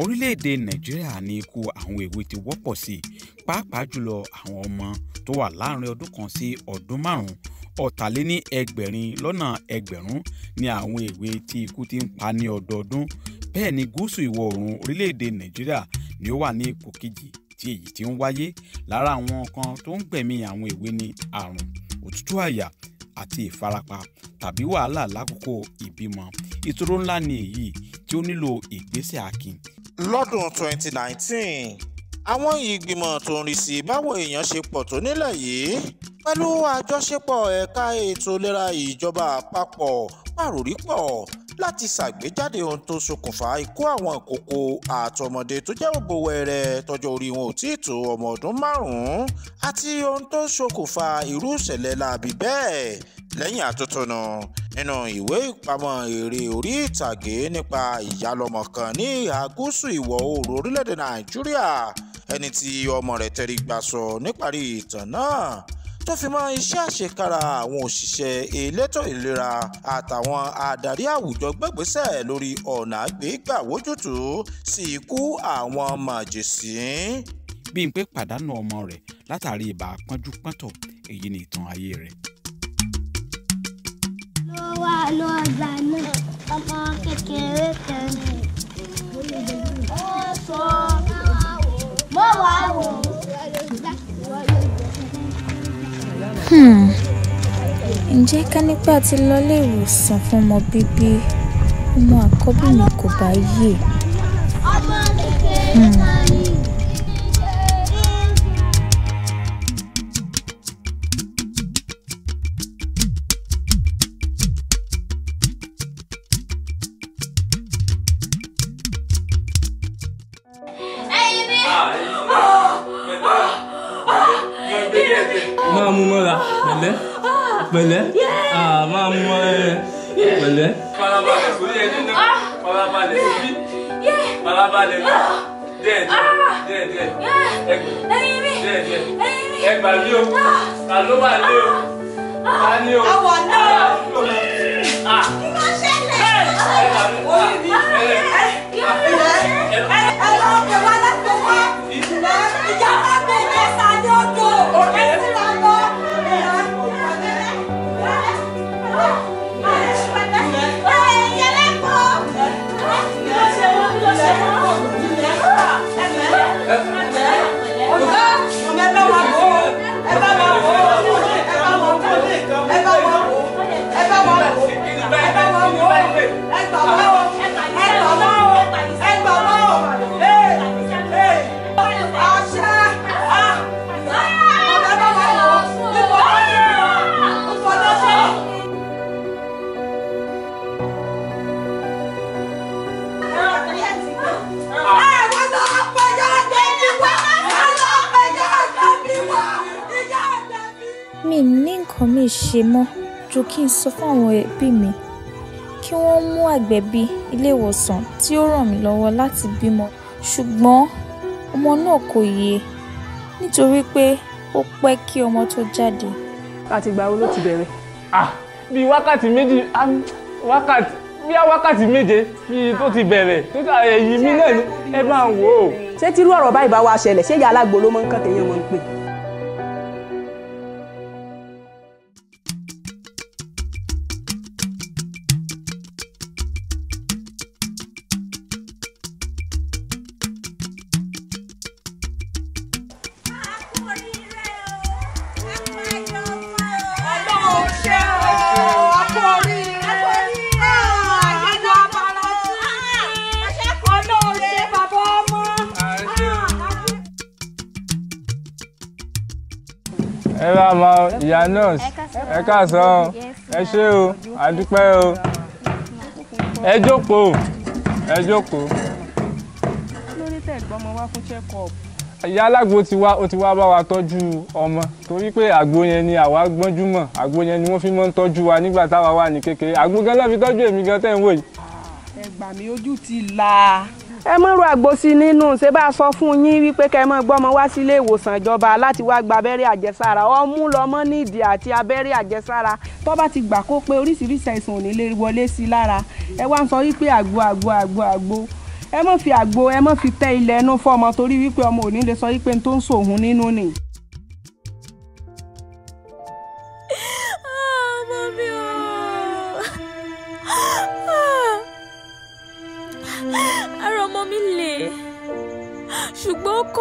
orílẹ̀-èdè nàìjíríà ni ikú àwọn èwe ti wọ́pọ̀ sí pàápàá jùlọ àwọn ọmọ tó wà láàrin ọdún kan sí ọdún márùn-ún ọ̀tàléní ẹgbẹ̀rin lọ́nà ẹgbẹ̀rún ni àwọn èwe tí ikú ti ń pa ní ọdọọdún bẹ́ẹ̀ ni gúúsù ìwọ̀ oòrùn orílẹ̀-èdè nàìjíríà ni ó wà ní ipò kejì tí èyí ti ń wáyé lára àwọn kan tó ń gbẹ̀mí àwọn èwe ni àrùn òtútù àyà àti ìfarapa tàbí wàhálà lákòókò ìbímọ ìṣòro ńlá ni èyí tí ó nílò ìgbésẹ̀ akin lọ́dún 2019 àwọn ìgbìmọ̀ tó ń rí sí báwo èèyàn ṣe pọ̀ tó nílẹ̀ yìí pẹ̀lú àjọṣepọ̀ ẹ̀ka ètò ìlera ìjọba àpapọ̀ pàròrí pọ̀ láti ṣàgbéjáde ohun tó ṣokùnfà ikú àwọn ìkókó àtọmọdé tó jẹ́ òbò wẹ̀rẹ̀ tọjọ́ orí wọn ò tí ì tó ọmọ ọdún márùn-ún àti ohun tó ṣokùnfà irú ìṣẹ̀lẹ̀ láabi bẹ́ẹ̀ lẹ́yìn àtúntò náà nínú ìwé ìpamọ́ èrè orí ìtàgé nípa ìyálọ́mọ kan ní ìhà gúúsù ìwọ̀ oòrùn orílẹ̀-èdè nàìjíríà ẹni tí ọmọ rẹ̀ tẹrí gbà sọ níparí ìtàn náà tó fi mọ́ iṣẹ́ àṣekára àwọn òṣìṣẹ́ elétò ìlera àtàwọn adarí àwùjọ gbẹ́gbẹ́sẹ̀ lórí ọ̀nà àgbégbà wójútùú sí ikú àwọn màjèṣín. Bímpé pàdánù ọmọ rẹ̀ látàrí ibà pọ́njú pọ́ntọ̀ èyí ni ìtàn ayé rẹ̀ ó wà ní ọgbà náà ọmọ kékeré kan ó sọ mọ́ hmm. ǹjẹ́ ká nípa ti lọ ìwòsàn fún ọmọ bíbí ọmọ àkọ́bí mi kò bá yè. ọmọ Ah, pẹ̀lẹ́ pẹ̀lẹ́ a ah, máa mọ ẹ pẹ̀lẹ́. farabalẹ̀ kò yẹ nínú ah. farabalẹ̀ síbí farabalẹ̀ náà díẹ̀ díẹ̀ díẹ̀ díẹ̀ díẹ̀ ẹgbà mi o ah. ta ló wà lé o ta ni o àwọn náà kí ló ṣẹlẹ̀ ẹgbà mi o ẹlẹ. mi ní nǹkan mi ṣe mọ́ ju kí n sọ fáwọn ẹbí mi kí wọ́n mú àgbẹ̀bí ilé ìwòsàn tí ó ràn mí lọ́wọ́ láti bímọ ṣùgbọ́n ọmọ náà kò yè e nítorí pé ó pẹ́ kí ọmọ tó jáde. láti gba owó ló ti bẹ̀rẹ̀. Ah, bíi wákàtí méjì ah, wákàtí bí wákàtí méje bíi tó ti bẹ̀rẹ̀ nígbà èyí mi náà ẹ máa wò ó. ṣé tírú ọ̀rọ̀ báyìí bá wa ṣẹlẹ̀ ṣé ìyá alágbo ló máa ń kàn téèyàn máa ń pè é. ìyá nurse ẹ káàsán ẹ ṣé o àdúpẹ́ o ẹ jókòó ẹ jókòó. lórí tẹ̀gbọ́n mo wá fún check up. ìyá alágbo ti wá ó ti wá bá wa tọ́jú ọmọ torí pé àgbo yẹn ni àwa gbọ́njú mọ̀ àgbo yẹn ni wọ́n fi máa ń tọ́jú wa nígbà táwa wà ní kékeré àgbo gan ló fi tọ́jú èmi gan tẹ̀ ń wò yìí. ẹ gbà ojú ti la ẹ mọ̀ ro àgbo sí nínú ṣé bá a sọ fún yín wípé kẹ́ ẹ mọ̀ gbọ́mọ wá sílé ìwòsàn ìjọba láti wá gba abẹ́rẹ́ àjẹsára ọmú lọmọ nídìí àti abẹ́rẹ́ àjẹsára tó bá ti gbà kó pé oríṣiríṣi àìsàn ò ní lè wọlé sí lára ẹ wá ń sọ wípé àgbo àgbo àgbo àgbo ẹ mọ̀ fi àgbo ẹ mọ̀ fi tẹ́ ilẹ̀ ẹnu fọ́ ọmọ torí wípé ọmọ ò ní lè sọ wípé n tó ń sòhun nínú nìyí.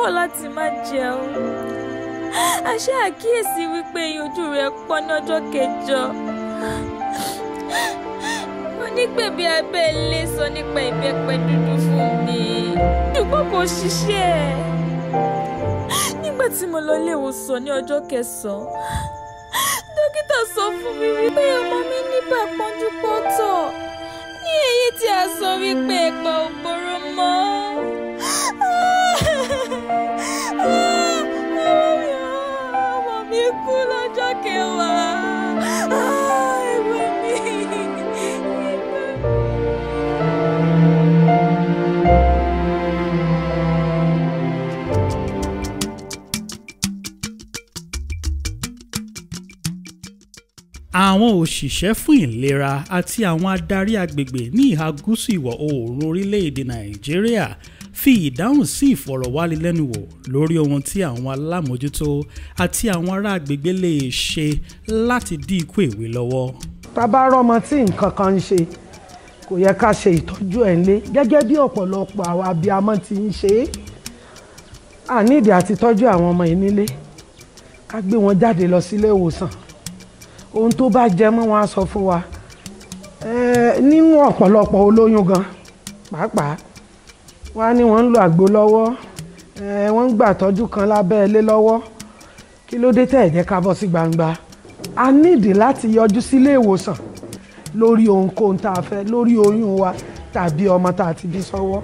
kọ̀ láti má jẹun a ṣe àkíyèsí wípé eyín ojú rẹ̀ pọ́n ní ọjọ́ kẹjọ onígbèbí abẹ́ ilé sọ nípa ìbẹ́pẹ dúdú fún mi ṣùgbọ́n kò ṣiṣẹ́ nígbà tí mo lọ ilé ìwòsàn ní ọjọ́ kẹsàn-án dókítà sọ fún mi wípé ọmọ mi ní bàpọ́njú pọ́tọ̀ ní èyí tí a sọ wípé ẹ̀pà òkú. òṣìṣẹ́ fún ìlera àti àwọn adarí agbègbè ní ìhà gúúsù ìwọ̀ oòrùn orílẹ̀-èdè nàìjíríà fi ìdáhùn sí ìfọ̀rọ̀wánilẹ́nuwò lórí ohun tí àwọn alámòjútó àti àwọn ará agbègbè lè ṣe láti dí ikú èwe lọ́wọ́. tá a bá rọmọ tí nǹkan kan ń ṣe kò yẹ ká ṣe ìtọ́jú ẹ̀ ńlé gẹ́gẹ́ bí ọ̀pọ̀lọpọ̀ àwọn abiyamọ ti ń ṣe é àníìdí àti tọ́jú àwọn ọmọ yìí ká gbé wọn jáde lọ sílé ìwòsàn ohun tó bá jẹ mọ́ wọn á sọ fún wa nínú ọ̀pọ̀lọpọ̀ olóyún gan pàápàá wá ní wọ́n ń lo àgbo lọ́wọ́ wọ́n ń gbàtọ́jú kan lábẹ́ ilé lọ́wọ́ kí ló dé tẹ̀ ẹ̀jẹ̀ ká bọ́ sí gbangba a nídìí láti yọjú sílé ìwòsàn lórí ohunkóhun tá a fẹ́ lórí oyún wa tàbí ọmọ tá a ti bí sọ́wọ́.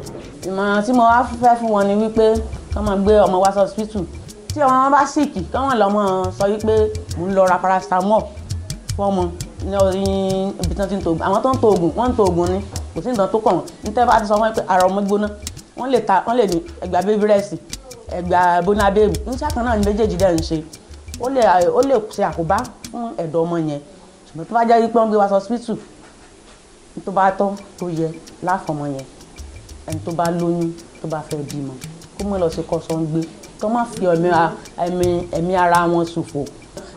ìmọ̀ràn tí mo wá fẹ́ fún wọn ni wípé kí wọ́n gbé ọmọ wá sọ́sítù tí ọmọ wọn bá ṣìkì kí wọ́n lọ́mọ sọ wípé mò ń lọ ra paracetamol fọ́mọ ibi tí wọ́n ti ń to oògùn àwọn tó ń to oògùn wọ́n ń to oògùn ni kò sí nǹkan tó kàn wọ́n ní tẹ́lẹ̀ bá ti sọ wọ́n pé ara ọmọ gbóná wọ́n lè ta wọ́n lè ní ẹgbàá bébí rẹ́sì ẹgbàá bóná bébì ní sáà kan náà ni méjèèjì dẹ̀ ń ṣe ó lè ó lè ṣe àkóbá fún ẹ̀dọ̀ ọmọ yẹn ṣùgbọ́n tó bá jẹ́ wípé wọ́n gbé wa sọ hospital tó bá tọ́ tó yẹ láfọmọ yẹn ẹni tó bá lóyún tó bá fẹ́ bímọ kó mọ̀ lọ sí kọ́sọ́ ń gbé tó má fi ẹ̀mí ara wọn ṣòfò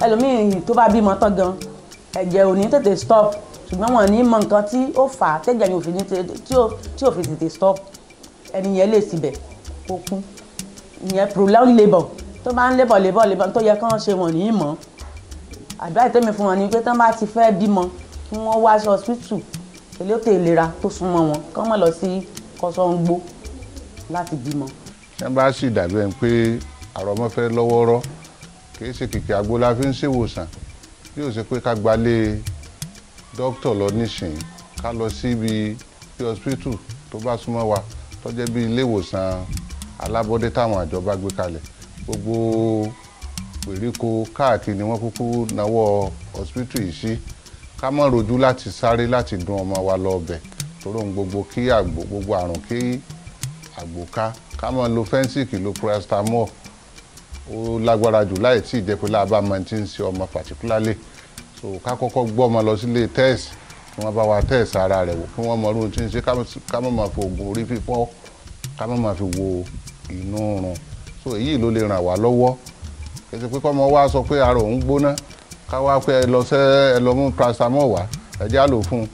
ẹlòmíì tó bá bímọ tán gan ẹ̀jẹ̀ ò ní tètè stop ṣùgbọ́n wọn ò ní mọ nǹkan tí ó fà á tẹ̀jẹ̀ ni òfin tí òfin tètè stop ẹni yẹn lè síbẹ̀ kó kún ìyẹn prolonged labour tó bá ń labour labour labour tó yẹ kán ṣe wọn ní ìmọ̀ àdúrà ìtẹ́mi fún wọn ni pé tán bá ti fẹ́ bímọ kí wọ́n wá aṣọ hospital elétò ìlera tó súnmọ́ wọn kán mọ̀ lọ sí kọ́sọ́ńgbó láti bímọ. ẹ bá sì dàbí ẹ pé àrọ̀mọ́fẹ́ lọ́wọ́rọ́ kì í ṣe kìkì àgbo la fi ń ṣèwòsàn bí ó ṣe pé ká gbalé dókítà lọ nísìn ká lọ síbi bí hospital tó bá súnmọ́ wa tó jẹ́ bí ilé ìwòsàn alábọ́dé táwọn àjọba gbé kalẹ̀ gbogbo gbèríko káàkiri ni wọ́n kúkú náwó hospital yìí sí ká má rojú láti sáré láti dun ọmọ wa lọ ọbẹ̀ tóró gbogbo kí àgbo gbogbo àrùn kí àgbò ká ká má lo fẹ́ǹsì kìlò paracetamol ó lágbára jù láì tí ì jẹ́ pé láàbá mọ ti ń ṣe ọmọ particularly so ká kọ́kọ́ gbọ́ ọmọ lọ sílé test kí wọ́n bá wa test ara rẹ̀ wò kí wọ́n mọ irú tí ń ṣe ká má máa fi oògùn orí fífọ́ ká má máa fi wo inú run so èyí ló lè ràn wá lọ́wọ́ kì í ṣe pé kọ́mọ wa sọ pé ara òun gbóná ká wá pé ẹ lọ sẹ́ ẹ lọ mú paracetamol wá ẹ já lò fún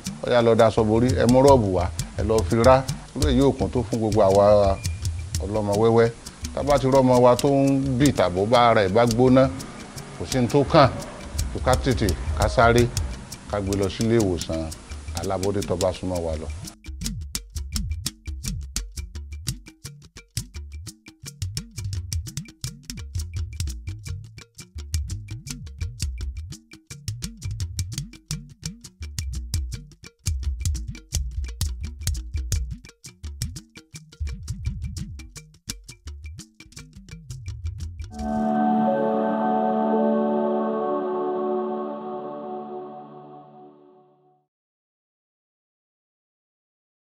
un ó tábà ti rọmọ wa tó ń bì tàbó bá ara ẹ̀ bá gbóná kò sí ní tó kàn kó ká tètè ká sáré ká gbé lọ sílé ìwòsàn alábọ́dé tó bá súnmọ́ wa lọ.